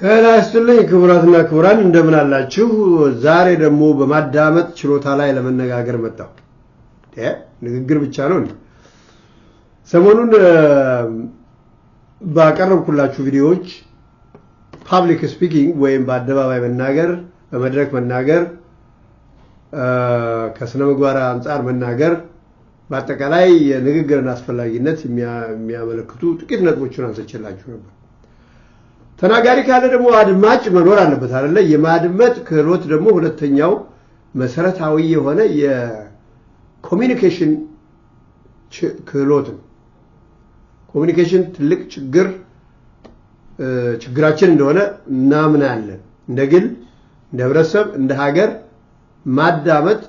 ጤና ይስጥልኝ ክቡራትና ክቡራን እንደምን አላችሁ? ዛሬ ደግሞ በማዳመጥ ችሎታ ላይ ለመነጋገር መጣሁ። ንግግር ብቻ ነው። ሰሞኑን ባቀረብኩላችሁ ቪዲዮዎች ፓብሊክ ስፒኪንግ ወይም በአደባባይ መናገር፣ በመድረክ መናገር ከስነ ምግባር አንጻር መናገር በአጠቃላይ የንግግርን አስፈላጊነት የሚያመለክቱ ጥቂት ነጥቦችን አንስቼላችሁ ነበር። ተናጋሪ ካለ ደግሞ አድማጭ መኖር አለበት አለ። የማድመጥ ክህሎት ደግሞ ሁለተኛው መሰረታዊ የሆነ የኮሚኒኬሽን ክህሎት ነው። ኮሚኒኬሽን ትልቅ ችግር ችግራችን እንደሆነ እናምናለን። እንደ ግል፣ እንደ ህብረተሰብ፣ እንደ ሀገር ማዳመጥ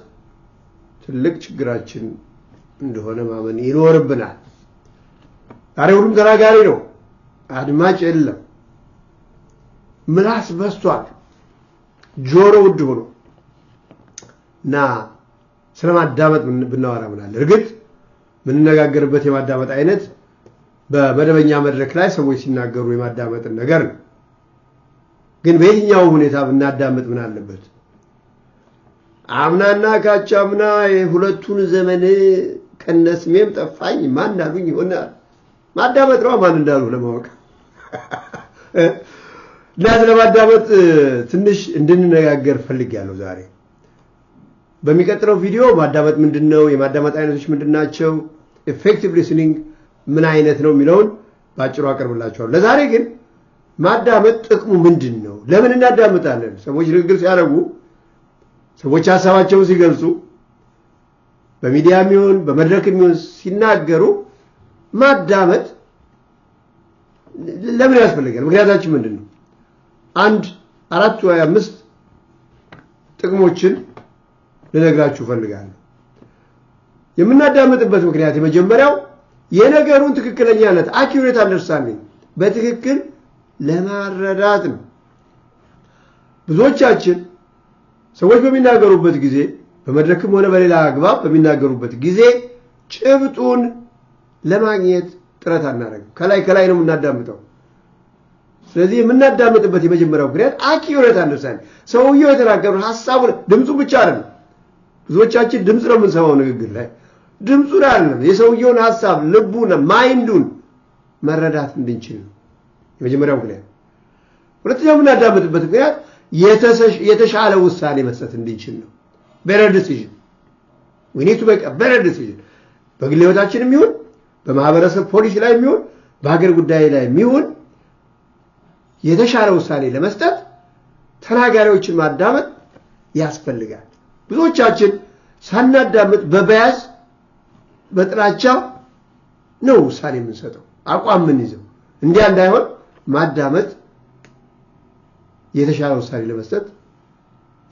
ትልቅ ችግራችን እንደሆነ ማመን ይኖርብናል። ዛሬ ሁሉም ተናጋሪ ነው፣ አድማጭ የለም። ምላስ በስቷል፣ ጆሮ ውድ ሆኖ እና ስለ ማዳመጥ ብናወራ ምናለ። እርግጥ የምንነጋገርበት የማዳመጥ አይነት በመደበኛ መድረክ ላይ ሰዎች ሲናገሩ የማዳመጥን ነገር ነው። ግን በየትኛው ሁኔታ ብናዳመጥ ምን አለበት? አምናና ካቻምና የሁለቱን ዘመን ከነስሜም ጠፋኝ ማን አሉኝ ይሆናል። ማዳመጥ ነው ማን እንዳሉ ለማወቅ እና ስለማዳመጥ ትንሽ እንድንነጋገር ፈልጌያለሁ ዛሬ። በሚቀጥለው ቪዲዮ ማዳመጥ ምንድን ነው፣ የማዳመጥ አይነቶች ምንድን ናቸው፣ ኢፌክቲቭ ሊስኒንግ ምን አይነት ነው የሚለውን በአጭሩ አቀርብላችኋለሁ። ለዛሬ ግን ማዳመጥ ጥቅሙ ምንድን ነው? ለምን እናዳምጣለን? ሰዎች ንግግር ሲያደርጉ ሰዎች ሀሳባቸውን ሲገልጹ በሚዲያ የሚሆን በመድረክ የሚሆን ሲናገሩ ማዳመጥ ለምን ያስፈልጋል? ምክንያታችን ምንድን ነው? አንድ አራት ወይ አምስት ጥቅሞችን ልነግራችሁ እፈልጋለሁ። የምናዳምጥበት ምክንያት የመጀመሪያው የነገሩን ትክክለኛነት አኪሬት አንደርስታንዲንግ በትክክል ለማረዳት ነው። ብዙዎቻችን ሰዎች በሚናገሩበት ጊዜ በመድረክም ሆነ በሌላ አግባብ በሚናገሩበት ጊዜ ጭብጡን ለማግኘት ጥረት አናደርግም። ከላይ ከላይ ነው የምናዳምጠው። ስለዚህ የምናዳምጥበት የመጀመሪያው ምክንያት ሁነት አንደርስታንድ ሰውየው የተናገረውን ሀሳቡን ድምፁ ብቻ አለ። ብዙዎቻችን ድምፅ ነው የምንሰማው ንግግር ላይ ድምፁን አለም የሰውየውን ሀሳብ ልቡን፣ ማይንዱን መረዳት እንድንችል የመጀመሪያው ምክንያት። ሁለተኛው የምናዳምጥበት ምክንያት የተሻለ ውሳኔ መስጠት እንድንችል ነው። በረር ዲሲዥን ዊኒቱ በቃ በረር ዲሲዥን በግል ህይወታችን የሚሆን በማህበረሰብ ፖሊሲ ላይ የሚሆን በሀገር ጉዳይ ላይ የሚሆን የተሻለ ውሳኔ ለመስጠት ተናጋሪዎችን ማዳመጥ ያስፈልጋል። ብዙዎቻችን ሳናዳምጥ በበያዝ በጥላቻ ነው ውሳኔ የምንሰጠው፣ አቋም ምን ይዘው እንዲያ እንዳይሆን ማዳመጥ የተሻለ ውሳኔ ለመስጠት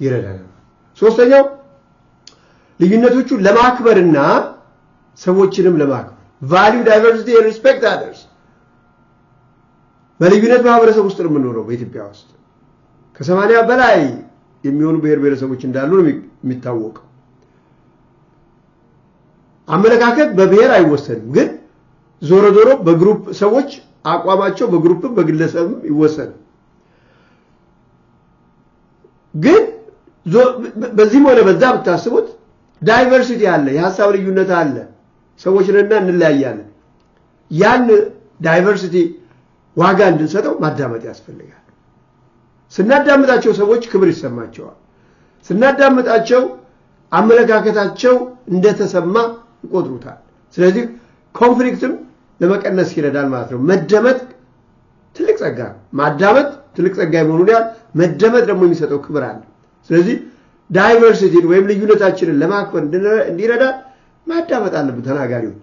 ይረዳናል። ሶስተኛው ልዩነቶቹ ለማክበርና ሰዎችንም ለማክበር ቫሊዩ ዳይቨርሲቲ ሪስፔክት አደርስ በልዩነት ማህበረሰብ ውስጥ ነው የምንኖረው። በኢትዮጵያ ውስጥ ከሰማንያ በላይ የሚሆኑ ብሔር ብሔረሰቦች እንዳሉ ነው የሚታወቀው። አመለካከት በብሔር አይወሰንም፣ ግን ዞሮ ዞሮ በግሩፕ ሰዎች አቋማቸው በግሩፕም በግለሰብም ይወሰናል። ግን በዚህም ሆነ በዛ ብታስቡት ዳይቨርሲቲ አለ፣ የሀሳብ ልዩነት አለ። ሰዎችንና እንለያያለን። ያን ዳይቨርሲቲ ዋጋ እንድንሰጠው ማዳመጥ ያስፈልጋል። ስናዳምጣቸው ሰዎች ክብር ይሰማቸዋል። ስናዳምጣቸው አመለካከታቸው እንደተሰማ ይቆጥሩታል። ስለዚህ ኮንፍሊክትም ለመቀነስ ይረዳል ማለት ነው መደመጥ ጸጋ ማዳመጥ ትልቅ ጸጋ የመሆኑን ያህል መደመጥ ደግሞ የሚሰጠው ክብር አለ። ስለዚህ ዳይቨርሲቲን ወይም ልዩነታችንን ለማክበር እንዲረዳ ማዳመጥ አለብን። ተናጋሪው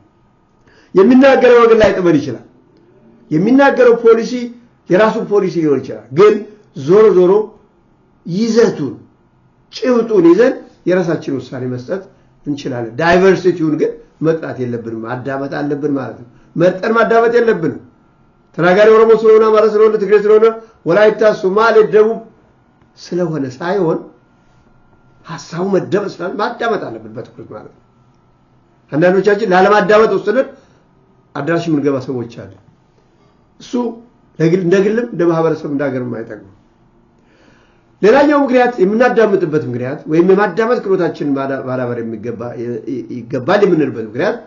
የሚናገረው ወገን ላይ ጥመን ይችላል። የሚናገረው ፖሊሲ የራሱን ፖሊሲ ሊሆን ይችላል። ግን ዞሮ ዞሮ ይዘቱን ጭብጡን ይዘን የራሳችን ውሳኔ መስጠት እንችላለን። ዳይቨርሲቲውን ግን መጥራት የለብንም። ማዳመጥ አለብን ማለት ነው። መርጠን ማዳመጥ የለብንም። ተናጋሪ ኦሮሞ ስለሆነ አማራ ስለሆነ ትግሬ ስለሆነ ወላይታ፣ ሶማሌ፣ ደቡብ ስለሆነ ሳይሆን ሀሳቡ መደመጥ ስላለ ማዳመጥ አለብን በትኩረት ማለት ነው። አንዳንዶቻችን ላለማዳመጥ ወስነን አዳራሽ የምንገባ ሰዎች አለ። እሱ እንደ ግልም እንደ ማህበረሰብ እንደ ሀገርም አይጠቅምም። ሌላኛው ምክንያት የምናዳምጥበት ምክንያት ወይም የማዳመጥ ክህሎታችንን ማዳበር ይገባል የምንልበት ምክንያት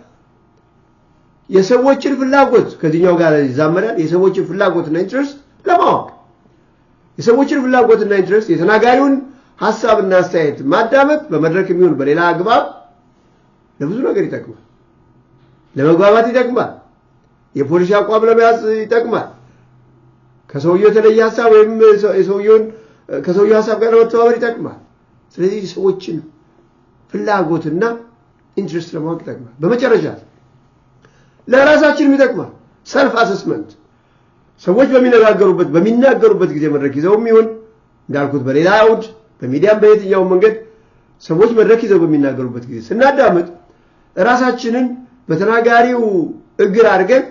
የሰዎችን ፍላጎት ከዚህኛው ጋር ይዛመዳል። የሰዎችን ፍላጎትና ኢንትረስት ለማወቅ የሰዎችን ፍላጎትና ኢንትረስት የተናጋሪውን ሀሳብና አስተያየት ማዳመጥ በመድረክ የሚሆን በሌላ አግባብ ለብዙ ነገር ይጠቅማል። ለመግባባት ይጠቅማል። የፖሊሲ አቋም ለመያዝ ይጠቅማል። ከሰውየው የተለየ ሀሳብ ወይም የሰውየውን ከሰውየው ሀሳብ ጋር ለመተባበር ይጠቅማል። ስለዚህ የሰዎችን ፍላጎትና ኢንትረስት ለማወቅ ይጠቅማል። በመጨረሻ ለራሳችን ይጠቅማል። ሰልፍ አሰስመንት ሰዎች በሚነጋገሩበት በሚናገሩበት ጊዜ መድረክ ይዘው የሚሆን እንዳልኩት በሌላ አውድ በሚዲያም በየትኛው መንገድ ሰዎች መድረክ ይዘው በሚናገሩበት ጊዜ ስናዳምጥ ራሳችንን በተናጋሪው እግር አድርገን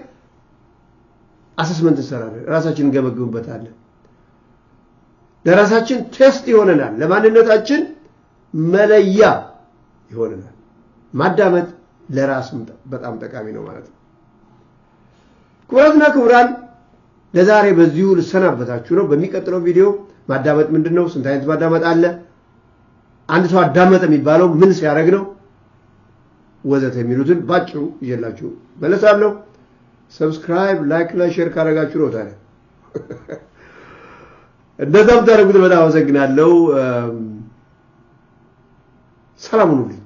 አሰስመንት እንሰራለን። ራሳችንን እንገመግምበታለን። ለራሳችን ቴስት ይሆነናል። ለማንነታችን መለያ ይሆነናል። ማዳመጥ ለራስም በጣም ጠቃሚ ነው ማለት ነው። ክቡራትና ክቡራን ለዛሬ በዚሁ ልሰናበታችሁ ነው። በሚቀጥለው ቪዲዮ ማዳመጥ ምንድን ነው? ስንት አይነት ማዳመጥ አለ? አንድ ሰው አዳመጠ የሚባለው ምን ሲያደርግ ነው? ወዘተ የሚሉትን ባጭሩ ይዤላችሁ መለሳለሁ። ሰብስክራይብ፣ ላይክ ላይ ሼር ካደረጋችሁ ነው ታዲያ እንደዛም ብታደርጉት በጣም አመሰግናለሁ። ሰላም ሁኑልኝ።